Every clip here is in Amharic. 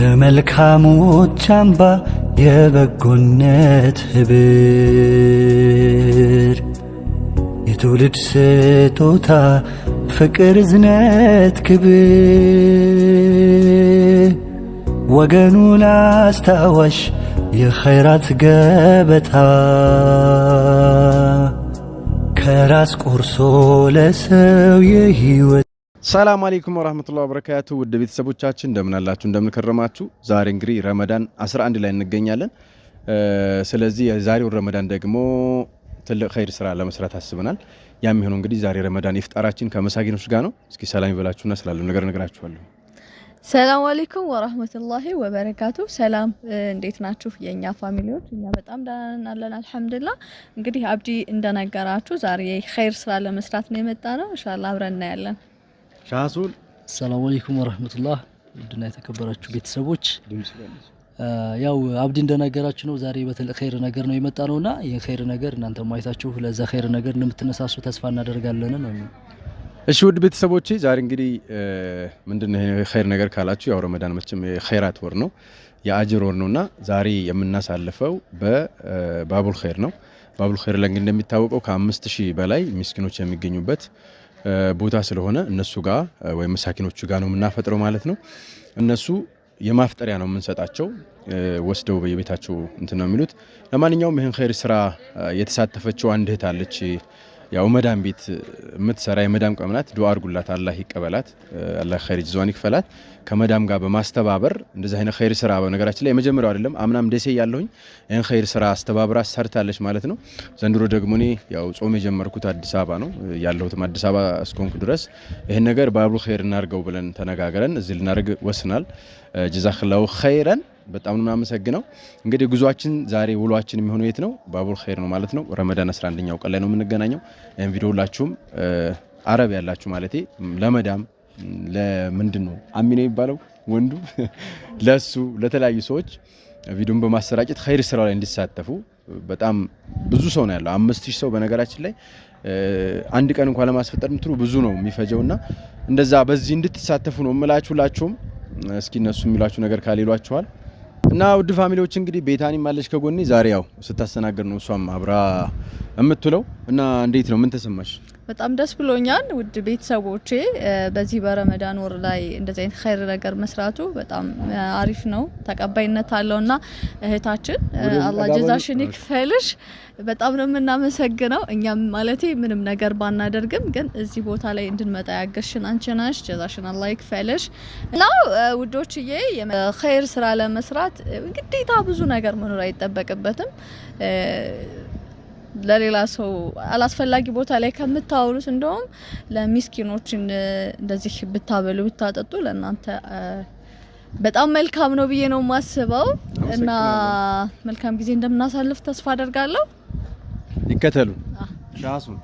የመልካሞች አምባ የበጎነት ህብር የትውልድ ስጦታ ፍቅር፣ እዝነት፣ ክብር ወገኑ ላስታዋሽ የኸይራት ገበታ ከራስ ቆርሶ ለሰው የህይወት ሰላም አለይኩም ወራህመቱላሂ ወበረካቱ ውድ ቤተሰቦቻችን እንደምን ከረማችሁ? ዛሬ እንግዲህ ረመዳን 11 ላይ እንገኛለን። ስለዚህ የዛሬውን ረመዳን ደግሞ ትልቅ ኸይር ስራ ለመስራት አስበናል። ያ የሚሆነው እንግዲህ ዛሬ ረመዳን ኢፍጣራችን ከመሳጊኖች ጋር ነው። እስኪ ሰላም ይበላችሁና ስላለው ነገር እነግራችኋለሁ። ሰላም አለይኩም ወራህመቱላሂ ወበረካቱ። ሰላም እንዴት ናችሁ የኛ ፋሚሊዎች? እኛ በጣም ደህና ነን እንግዲህ አብዲ እንደነገራችሁ ዛሬ ኸይር ስራ ለመስራት ነው የመጣ ነው። ኢንሻአላህ አብረን እናያለን። ሻሱል ሰላም አለይኩም ወራህመቱላህ ውድና የተከበራችሁ ቤተሰቦች፣ ያው አብዲ እንደነገራችሁ ነው። ዛሬ በተለይ ኸይር ነገር ነው የመጣ ነውና ይህ ኸይር ነገር እናንተ ማየታችሁ ለዛ ኸይር ነገር እንደምትነሳሱ ተስፋ እናደርጋለን ነው። እሺ ውድ ቤተሰቦች ዛሬ እንግዲህ ምንድን ነው ኸይር ነገር ካላችሁ ያው ረመዳን መቼም የኸይራት ወር ነው የአጅር ወር ነውና ዛሬ የምናሳልፈው በባቡል ኸይር ነው። ባቡል ኸይር ለእንግዲህ እንደሚታወቀው ከአምስት ሺህ በላይ ምስኪኖች የሚገኙበት ቦታ ስለሆነ እነሱ ጋር ወይም መሳኪኖቹ ጋር ነው የምናፈጥረው ማለት ነው። እነሱ የማፍጠሪያ ነው የምንሰጣቸው ወስደው በየቤታቸው እንትን ነው የሚሉት። ለማንኛውም ይህን ኸይር ስራ የተሳተፈችው አንድ እህት አለች ያው መዳም ቤት የምትሰራ የመዳም ቀምናት ዱአ አድርጉላት፣ አላህ ይቀበላት፣ አላህ ኸይር ጅዛዋን ይክፈላት። ከመዳም ጋር በማስተባበር እንደዚህ አይነት ኸይር ስራ በነገራችን ላይ የመጀመሪያው አይደለም። አምናም ደሴ ያለሁኝ ይህን ኸይር ስራ አስተባብራ ሰርታለች ማለት ነው። ዘንድሮ ደግሞ እኔ ያው ጾም የጀመርኩት አዲስ አበባ ነው ያለሁትም አዲስ አበባ እስኮንኩ ድረስ ይህን ነገር በአብሩ ኸይር እናርገው ብለን ተነጋግረን እዚህ ልናደርግ ወስናል። ጅዛክላው ኸይረን በጣም ነው የምናመሰግነው። እንግዲህ ጉዟችን ዛሬ ውሏችን የሚሆነው የት ነው? ባቡር ኸይር ነው ማለት ነው። ረመዳን 11ኛው ቀን ላይ ነው የምንገናኘው። ይህን ቪዲዮ ሁላችሁም አረብ ያላችሁ ማለቴ ለመዳም ለምንድን ነው አሚና የሚባለው ወንዱ ለሱ ለተለያዩ ሰዎች ቪዲዮን በማሰራጨት ኸይር ስራ ላይ እንዲሳተፉ በጣም ብዙ ሰው ነው ያለው። አምስት ሺህ ሰው በነገራችን ላይ አንድ ቀን እንኳን ለማስፈጠር ምትሉ ብዙ ነው የሚፈጀው እና እንደዛ በዚህ እንድትሳተፉ ነው እምላችሁላችሁም። እስኪ እነሱ የሚሏችሁ ነገር ካሌሏችኋል እና ውድ ፋሚሊዎች እንግዲህ ቤታኒም አለች ከጎኔ ዛሬ ያው ስታስተናገድ ነው እሷም አብራ የምትውለው እና እንዴት ነው ምን ተሰማሽ? በጣም ደስ ብሎኛል ውድ ቤተሰቦቼ። በዚህ በረመዳን ወር ላይ እንደዚህ አይነት ኸይር ነገር መስራቱ በጣም አሪፍ ነው፣ ተቀባይነት አለውና እህታችን አላህ ጀዛሽን ይክፈልሽ። በጣም ነው የምናመሰግነው። እኛም ማለቴ ምንም ነገር ባናደርግም ግን እዚህ ቦታ ላይ እንድንመጣ ያገሽን አንቺ ነሽ። ጀዛሽን አላህ ይክፈልሽ። እና ውዶችዬ ኸይር ስራ ለመስራት ግዴታ ብዙ ነገር መኖር አይጠበቅበትም። ለሌላ ሰው አላስፈላጊ ቦታ ላይ ከምታውሉት እንደውም ለሚስኪኖች እንደዚህ ብታበሉ ብታጠጡ ለእናንተ በጣም መልካም ነው ብዬ ነው የማስበው እና መልካም ጊዜ እንደምናሳልፍ ተስፋ አደርጋለሁ። ይከተሉ ራሱን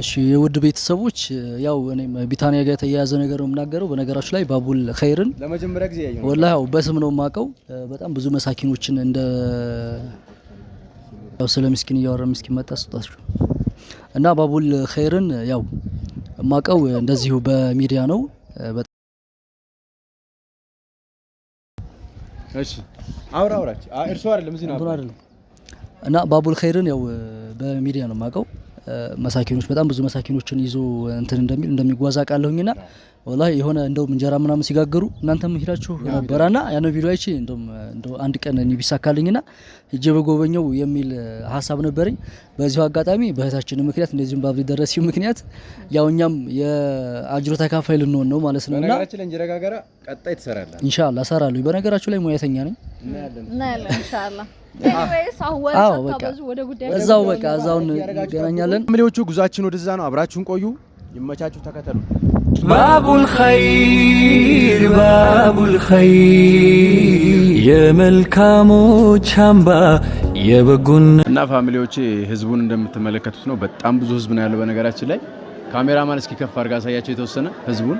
እሺ የውድ ቤተሰቦች ያው እኔም ቢታንያ ጋር የተያያዘ ነገር ነው የምናገረው። በነገራችሁ ላይ ባቡል ኸይርን ለመጀመሪያ ጊዜ ያየው ወላሂ ያው በስም ነው የማውቀው። በጣም ብዙ መሳኪኖችን እንደ ያው ስለ ምስኪን እያወራ ምስኪን መጣ ስጧችሁ እና ባቡል ኸይርን ያው ማቀው እንደዚሁ በሚዲያ ነው። እሺ አውራ አውራች እርሱ አይደለም እዚህ ነው አይደለም። እና ባቡል ኸይርን ያው በሚዲያ ነው ማቀው መሳኪኖች በጣም ብዙ መሳኪኖችን ይዞ እንትን እንደሚል እንደሚጓዝ አውቃለሁኝና ወላሂ የሆነ እንደውም እንጀራ ምናምን ሲጋገሩ እናንተም ሄዳችሁ ነበራና ያን ቪዲዮ አይቼ እንደውም አንድ ቀን እኔ ቢሳካልኝና ሄጄ በጎበኘው የሚል ሀሳብ ነበረኝ። በዚሁ አጋጣሚ በእህታችን ምክንያት እንደዚሁም በአብዲ ደረሲው ምክንያት ያው እኛም የአጅሮ ተካፋይ ልንሆን ነው ማለት ነው። በነገራችን ላይ እንጀራ ጋገራ ቀጣይ ትሰራለህ? ኢንሻአላህ እሰራለሁ። በነገራችሁ ላይ ሙያተኛ ነኝ። እናያለን ኢንሻአላህ። እዛው በቃ እዛውን እንገናኛለን። ምሌዎቹ ጉዟችን ወደዛ ነው። አብራችሁን ቆዩ። ይመቻችሁ። ተከተሉ። ባቡል ኸይር ባቡል ኸይር የመልካሞች አምባ የበጉን እና ፋሚሊዎቼ ህዝቡን እንደምትመለከቱት ነው። በጣም ብዙ ህዝብ ነው ያለው። በነገራችን ላይ ካሜራማን እስኪ ከፍ አድርጋ አሳያቸው የተወሰነ ህዝቡን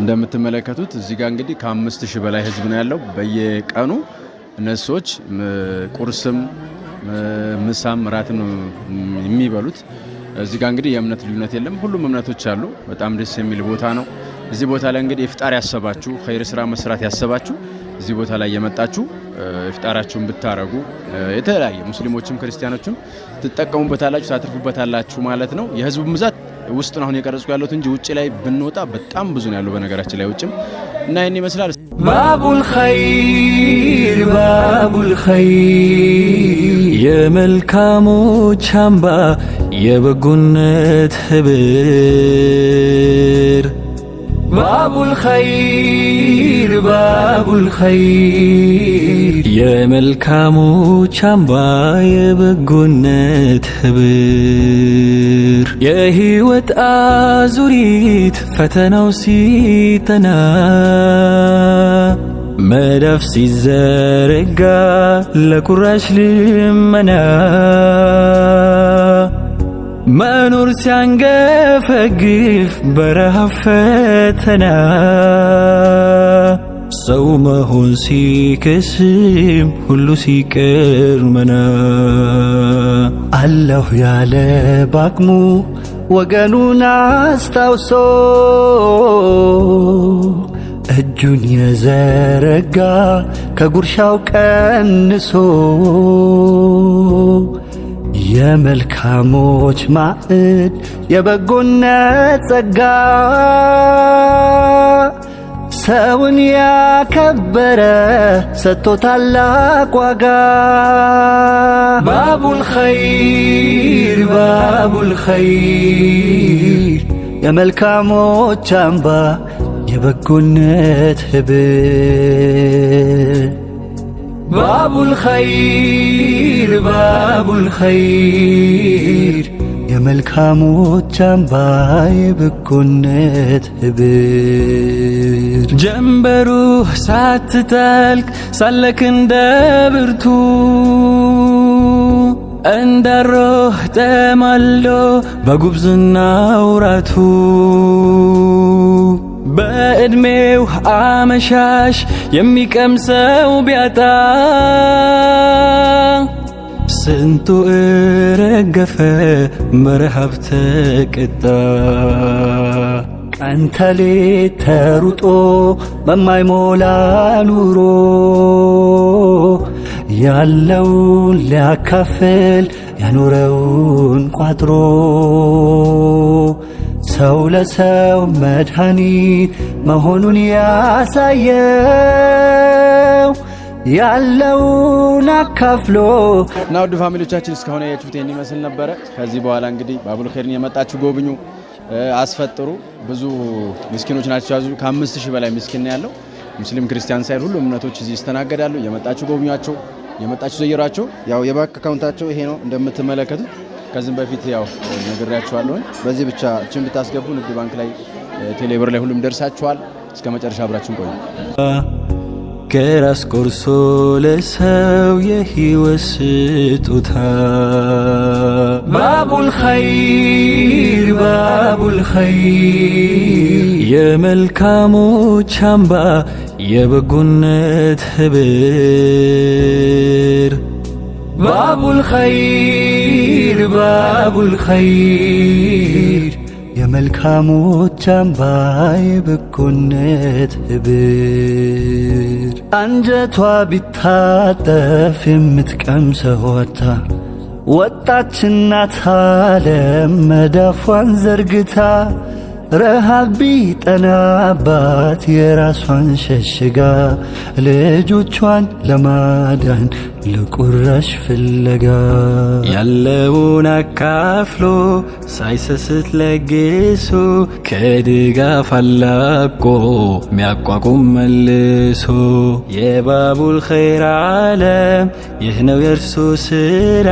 እንደምትመለከቱት እዚህ ጋር እንግዲህ ከአምስት ሺህ በላይ ህዝብ ነው ያለው። በየቀኑ እነሶች ቁርስም ምሳም ራትም ነው የሚበሉት። እዚህ ጋር እንግዲህ የእምነት ልዩነት የለም። ሁሉም እምነቶች አሉ። በጣም ደስ የሚል ቦታ ነው። እዚህ ቦታ ላይ እንግዲህ ኢፍጣር ያሰባችሁ፣ ኸይር ስራ መስራት ያሰባችሁ እዚህ ቦታ ላይ የመጣችሁ ኢፍጣራችሁን ብታረጉ የተለያየ ሙስሊሞችም ክርስቲያኖችም ትጠቀሙበታላችሁ፣ ታትርፉበታላችሁ ማለት ነው። የህዝቡ ብዛት ውስጥ ነው አሁን የቀረጽኩ ያለሁት እንጂ ውጭ ላይ ብንወጣ በጣም ብዙ ነው ያሉ በነገራችን ላይ ውጭም እና ይህን ይመስላል። ባቡል ኸይር ባቡል ኸይር የመልካሞች አምባ የበጎነት ህብር ባቡል ኸይር ባቡል ኸይር የመልካሞች አምባ የበጎነት ህብር የህይወት አዙሪት ፈተናው ሲተና መዳፍ ሲዘረጋ ለቁራሽ ልመና መኖር ሲያንገፈግፍ በረሃ ፈተና ሰው መሆን ሲከስም ሁሉ ሲቀር አለሁ ያለ ባቅሙ ወገኑን አስታውሶ እጁን የዘረጋ ከጉርሻው ቀንሶ የመልካሞች ማዕድ የበጎነት ጸጋ ሰውን ያከበረ ሰጥቶ ታላቅ ዋጋ ባቡል ኸይር ባቡል ኸይር የመልካሞች አምባ የበጎነት ህብር ባቡል ኸይር ባቡል ኸይር የመልካሞች አምባ የበጎነት ህብር ጀንበሩ ሳትጠልቅ ሳለክ እንደ ብርቱ እንዳሮህ ጠማሎ በጉብዝና ውራቱ በዕድሜው አመሻሽ የሚቀምሰው ቢያጣ ስንቱ እረገፈ በረሃብ ተቀጣ። ቀን ተሌት ተሩጦ በማይሞላ ኑሮ ያለውን ሊያካፍል ያኖረውን ቋጥሮ ሰው ለሰው መድኃኒት መሆኑን ያሳየው ያለውን አካፍሎ እና ውድ ፋሚሊዎቻችን እስካሁን ያያችሁት ይህን ይመስል ነበረ። ከዚህ በኋላ እንግዲህ ባቡልከይርን የመጣችሁ ጎብኙ፣ አስፈጥሩ። ብዙ ምስኪኖች ናቸው ያዙ። ከአምስት ሺህ በላይ ምስኪን ያለው። ሙስሊም ክርስቲያን ሳይል ሁሉ እምነቶች እዚህ ይስተናገዳሉ። የመጣችሁ ጎብኟቸው፣ የመጣችሁ ዘይሯቸው። ያው የባንክ አካውንታቸው ይሄ ነው እንደምትመለከቱት ከዚህም በፊት ያው ነግሬያችኋለሁኝ። በዚህ ብቻ እችን ብታስገቡ ንግድ ባንክ ላይ ቴሌብር ላይ ሁሉም ደርሳችኋል። እስከ መጨረሻ አብራችን ቆዩ። ከራስ ቆርሶ ለሰው የህይወት ስጦታ ባቡል ኸይር ባቡል ኸይር የመልካሞች አምባ የበጎነት ህብር ባቡል ኸይር ባቡል ኸይር የመልካሞች አምባ የበጎነት ህብር አንጀቷ ቢታጠፍ የምትቀምሰው ወታ ወጣች እናት ዓለም መዳፏን ዘርግታ ረሃብ አባት የራሷን ሸሽጋ ልጆቿን ለማዳን ለቁራሽ ፍለጋ ያለውን አካፍሎ ሳይሰስት ለግሶ ከድጋፍ አላቆ ሚያቋቁም መልሶ የባቡል ኸይር ዓለም ይህ ነው የእርሱ ስራ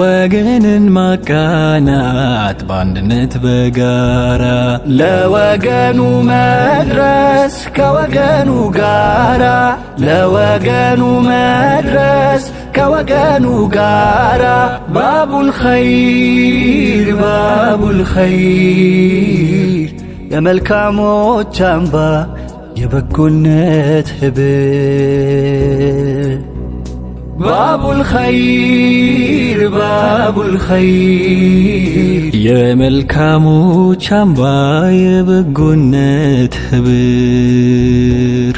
ወገንን ማቃናት በአንድነት በጋራ لا وجانو مدرس كوجانو جارا لا وجانو مدرس كوجانو جارا باب الخير باب الخير يا ملك عمو تامبا يبقى كل نتهبل ባቡል ኸይር ባቡል ኸይር የመልካሞች አምባ የበጎነት ህብር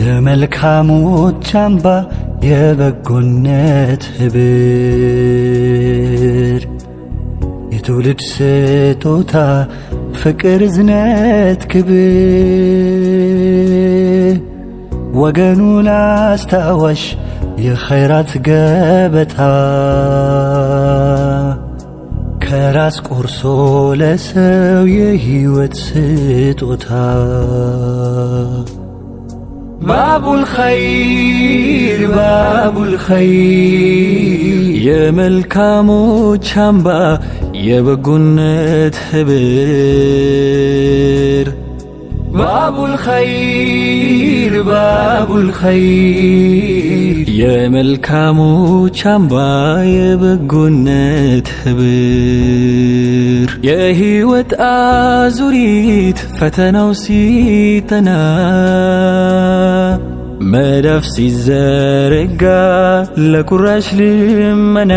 የመልካሞች አምባ የበጎነት ህብር የትውልድ ስጦታ ፍቅር፣ እዝነት፣ ክብር ወገኑን አስታዋሽ። የኸይራት ገበታ ከራስ ቆርሶ ለሰው የሕይወት ስጦታ ባቡል ኸይር ባቡል ኸይር የመልካሞች አምባ የበጎነት ህብር ባቡል ኸይር ባቡል የመልካሞች አምባ የበጎነት ህብር የህይወት አዙሪት ፈተናው ሲጠና መዳፍ ሲዘረጋ ለኩራሽ ልመና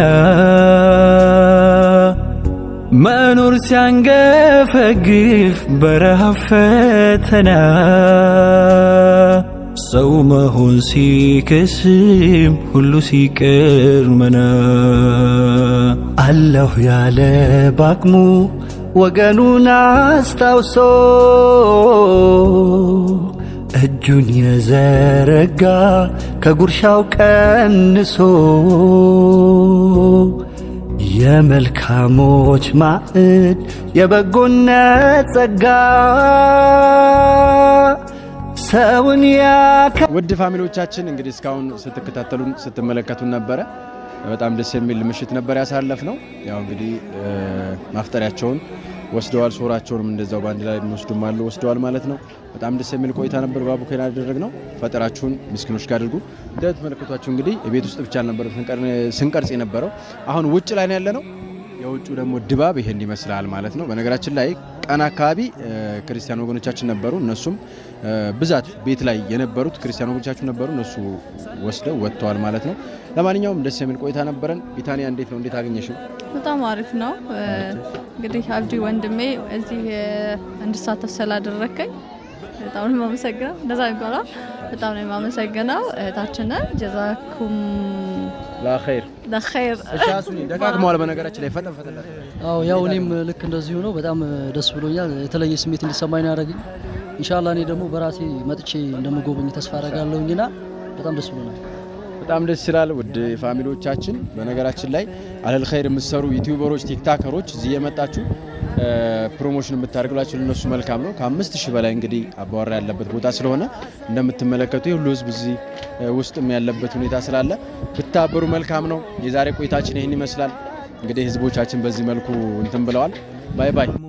መኖር ሲያንገፈግፍ በረሃ ፈተና ሰው መሆን ሲከስም ሁሉ ሲቀር አለሁ ያለ ባቅሙ ወገኑን አስታውሶ እጁን የዘረጋ ከጉርሻው ቀንሶ የመልካሞች ማዕድ የበጎነት ጸጋ ሰውን ያከ ውድ ፋሚሊዎቻችን እንግዲህ እስካሁን ስትከታተሉን ስትመለከቱን ነበረ። በጣም ደስ የሚል ምሽት ነበር ያሳለፍ ነው። ያው እንግዲህ ማፍጠሪያቸውን ወስደዋል። ሶራቸውንም እንደዛው በአንድ ላይ የሚወስዱም አሉ ወስደዋል ማለት ነው። በጣም ደስ የሚል ቆይታ ነበር ያደረግ ነው። ፈጠራችሁን ምስኪኖች ጋር አድርጉ። እንደምትመለከቷቸው እንግዲህ ቤት ውስጥ ብቻ ነበር ስንቀርጽ የነበረው አሁን ውጭ ላይ ነው ያለ ነው። የውጭ ደግሞ ድባብ ይሄን ይመስላል ማለት ነው። በነገራችን ላይ ቀን አካባቢ ክርስቲያን ወገኖቻችን ነበሩ። እነሱም ብዛት ቤት ላይ የነበሩት ክርስቲያን ወገኖቻችን ነበሩ። እነሱ ወስደው ወጥተዋል ማለት ነው። ለማንኛውም ደስ የሚል ቆይታ ነበረን። ቢታኒያ እንዴት ነው? እንዴት አገኘሽው? በጣም አሪፍ ነው። እንግዲህ አብዲ ወንድሜ እዚህ እንድሳተፍ ስላደረከኝ በጣም ነው የማመሰግነው። እንደዛ ይባላል። በጣም ነው የማመሰግነው እህታችንን ጀዛኩም ላኸይር ላኸይር እሻሱኒ ደጋግመዋል። በነገራችን ላይ ፈጠን ፈጠን አዎ፣ ያው እኔም ልክ እንደዚሁ ነው። በጣም ደስ ብሎኛል። የተለየ ስሜት እንዲሰማኝ ነው ያደረገኝ። ኢንሻአላህ እኔ ደግሞ በራሴ መጥቼ እንደምጎበኝ ተስፋ አደርጋለሁኝና በጣም ደስ ብሎኛል። በጣም ደስ ይላል። ውድ ፋሚሊዎቻችን፣ በነገራችን ላይ አለል ኸይር የምትሰሩ ዩቲዩበሮች፣ ቲክታከሮች እዚህ የመጣችሁ ፕሮሞሽን የምታደርግላቸው ለነሱ መልካም ነው። ከአምስት ሺህ በላይ እንግዲህ አባወራ ያለበት ቦታ ስለሆነ እንደምትመለከቱ የሁሉ ህዝብ እዚህ ውስጥም ያለበት ሁኔታ ስላለ ብታበሩ መልካም ነው። የዛሬ ቆይታችን ይህን ይመስላል። እንግዲህ ህዝቦቻችን በዚህ መልኩ እንትን ብለዋል። ባይ ባይ።